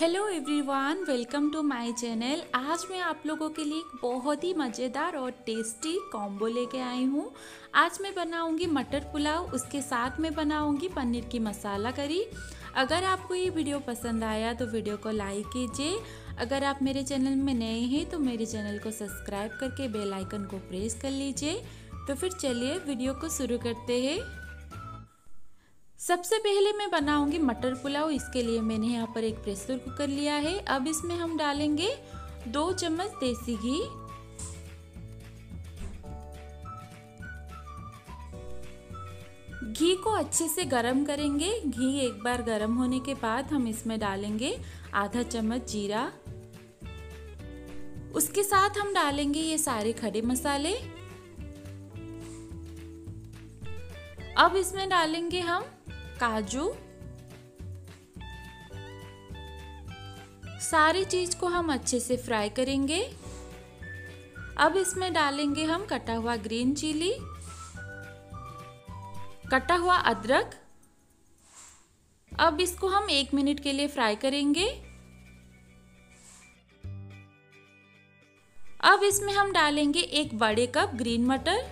hello everyone welcome to my channel आज मैं आप लोगों के लिए एक बहुत ही मज़ेदार और टेस्टी कॉम्बो लेके आई हूँ आज मैं बनाऊँगी मटर पुलाव उसके साथ मैं बनाऊँगी पनीर की मसाला करी अगर आपको ये वीडियो पसंद आया तो वीडियो को लाइक कीजिए अगर आप मेरे चैनल में नए हैं तो मेरे चैनल को सब्सक्राइब करके बेलाइकन को प्रेस कर लीजिए तो फिर चलिए वीडियो को शुरू करते हैं सबसे पहले मैं बनाऊंगी मटर पुलाव इसके लिए मैंने यहाँ पर एक प्रेशर कुकर लिया है अब इसमें हम डालेंगे दो चम्मच देसी घी घी को अच्छे से गरम करेंगे घी एक बार गरम होने के बाद हम इसमें डालेंगे आधा चम्मच जीरा उसके साथ हम डालेंगे ये सारे खड़े मसाले अब इसमें डालेंगे हम काजू सारी चीज को हम अच्छे से फ्राई करेंगे अब इसमें डालेंगे हम कटा हुआ ग्रीन चिली कटा हुआ अदरक अब इसको हम एक मिनट के लिए फ्राई करेंगे अब इसमें हम डालेंगे एक बड़े कप ग्रीन मटर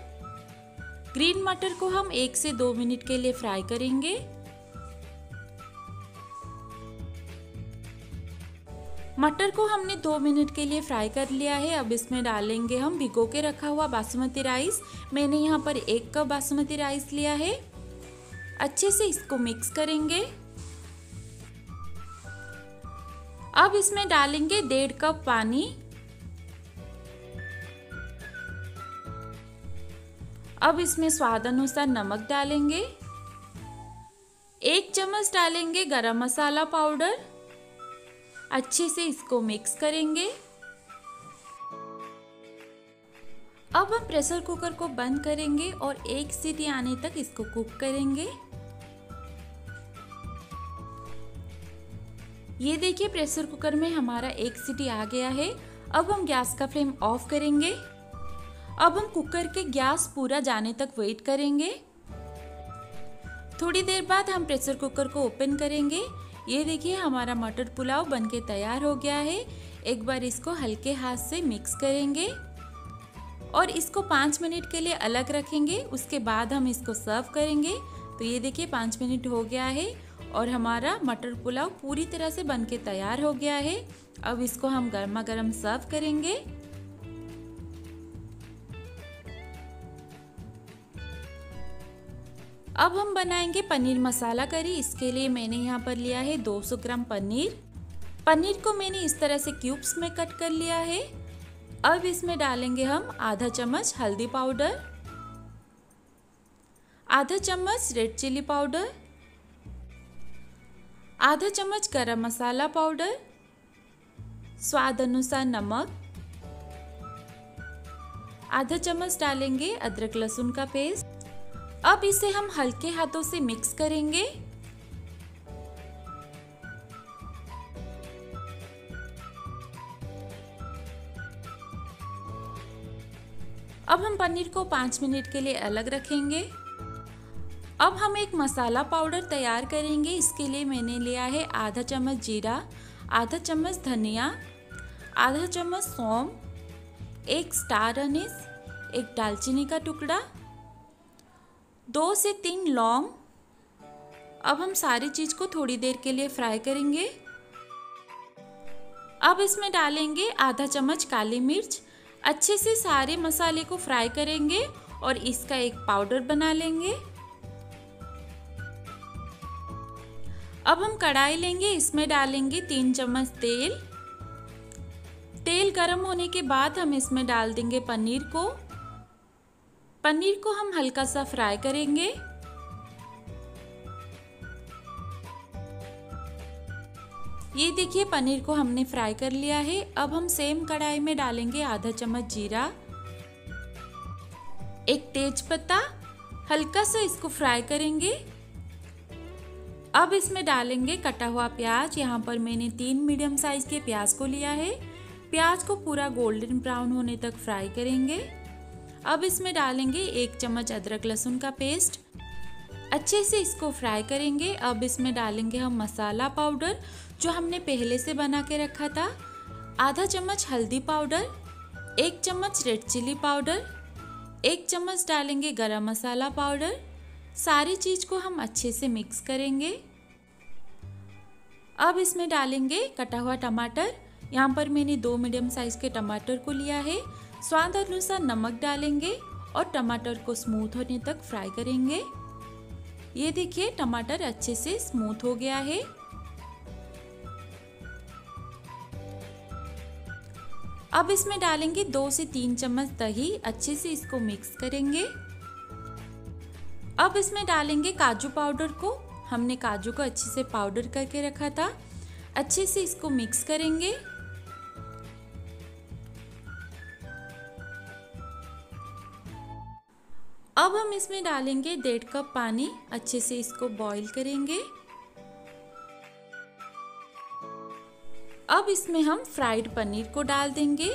ग्रीन मटर को हम एक से दो मिनट के लिए फ्राई करेंगे मटर को हमने दो मिनट के लिए फ्राई कर लिया है अब इसमें डालेंगे हम भिगो के रखा हुआ बासमती राइस मैंने यहाँ पर एक कप बासमती राइस लिया है अच्छे से इसको मिक्स करेंगे अब इसमें डालेंगे डेढ़ कप पानी अब इसमें स्वाद अनुसार नमक डालेंगे एक चम्मच डालेंगे गरम मसाला पाउडर अच्छे से इसको मिक्स करेंगे अब हम प्रेशर कुकर को बंद करेंगे और एक सीटी आने तक इसको कुक करेंगे ये देखिए प्रेशर कुकर में हमारा एक सीटी आ गया है अब हम गैस का फ्लेम ऑफ करेंगे अब हम कुकर के गैस पूरा जाने तक वेट करेंगे थोड़ी देर बाद हम प्रेशर कुकर को ओपन करेंगे ये देखिए हमारा मटर पुलाव बनके तैयार हो गया है एक बार इसको हल्के हाथ से मिक्स करेंगे और इसको पाँच मिनट के लिए अलग रखेंगे उसके बाद हम इसको सर्व करेंगे तो ये देखिए पाँच मिनट हो गया है और हमारा मटर पुलाव पूरी तरह से बनके तैयार हो गया है अब इसको हम गर्मा गर्म सर्व करेंगे अब हम बनाएंगे पनीर मसाला करी इसके लिए मैंने यहाँ पर लिया है 200 ग्राम पनीर पनीर को मैंने इस तरह से क्यूब्स में कट कर लिया है अब इसमें डालेंगे हम आधा चम्मच हल्दी पाउडर आधा चम्मच रेड चिली पाउडर आधा चम्मच गरम मसाला पाउडर स्वाद अनुसार नमक आधा चम्मच डालेंगे अदरक लहसुन का पेस्ट अब इसे हम हल्के हाथों से मिक्स करेंगे अब हम पनीर को पाँच मिनट के लिए अलग रखेंगे अब हम एक मसाला पाउडर तैयार करेंगे इसके लिए मैंने लिया है आधा चम्मच जीरा आधा चम्मच धनिया आधा चम्मच सौंफ एक स्टार अनिस एक दालचीनी का टुकड़ा दो से तीन लौंग अब हम सारी चीज़ को थोड़ी देर के लिए फ्राई करेंगे अब इसमें डालेंगे आधा चम्मच काली मिर्च अच्छे से सारे मसाले को फ्राई करेंगे और इसका एक पाउडर बना लेंगे अब हम कढ़ाई लेंगे इसमें डालेंगे तीन चम्मच तेल तेल गरम होने के बाद हम इसमें डाल देंगे पनीर को पनीर को हम हल्का सा फ्राई करेंगे ये देखिए पनीर को हमने फ्राई कर लिया है अब हम सेम कढ़ाई में डालेंगे आधा चम्मच जीरा एक तेज पत्ता हल्का सा इसको फ्राई करेंगे अब इसमें डालेंगे कटा हुआ प्याज यहाँ पर मैंने तीन मीडियम साइज के प्याज को लिया है प्याज को पूरा गोल्डन ब्राउन होने तक फ्राई करेंगे अब इसमें डालेंगे एक चम्मच अदरक लहसुन का पेस्ट अच्छे से इसको फ्राई करेंगे अब इसमें डालेंगे हम मसाला पाउडर जो हमने पहले से बना के रखा था आधा चम्मच हल्दी पाउडर एक चम्मच रेड चिली पाउडर एक चम्मच डालेंगे गरम मसाला पाउडर सारी चीज़ को हम अच्छे से मिक्स करेंगे अब इसमें डालेंगे कटा हुआ टमाटर यहाँ पर मैंने दो मीडियम साइज़ के टमाटर को लिया है स्वाद अनुसार नमक डालेंगे और टमाटर को स्मूथ होने तक फ्राई करेंगे ये देखिए टमाटर अच्छे से स्मूथ हो गया है अब इसमें डालेंगे दो से तीन चम्मच दही अच्छे से इसको मिक्स करेंगे अब इसमें डालेंगे काजू पाउडर को हमने काजू को अच्छे से पाउडर करके रखा था अच्छे से इसको मिक्स करेंगे अब हम इसमें डालेंगे डेढ़ कप पानी अच्छे से इसको बॉईल करेंगे अब इसमें हम फ्राइड पनीर को डाल देंगे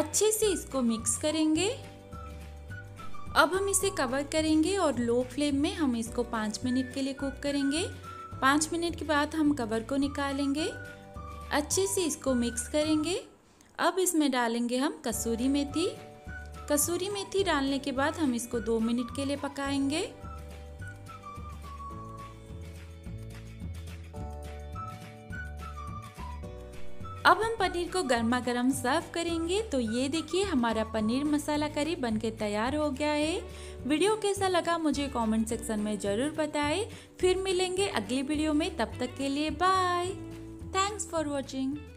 अच्छे से इसको मिक्स करेंगे अब हम इसे कवर करेंगे और लो फ्लेम में हम इसको पाँच मिनट के लिए कुक करेंगे पाँच मिनट के बाद हम कवर को निकालेंगे अच्छे से इसको मिक्स करेंगे अब इसमें डालेंगे हम कसूरी मेथी कसूरी मेथी डालने के बाद हम इसको दो मिनट के लिए पकाएंगे अब हम पनीर को गर्मा गर्म सर्व करेंगे तो ये देखिए हमारा पनीर मसाला करी बनके तैयार हो गया है वीडियो कैसा लगा मुझे कमेंट सेक्शन में ज़रूर बताएं फिर मिलेंगे अगली वीडियो में तब तक के लिए बाय थैंक्स फॉर वॉचिंग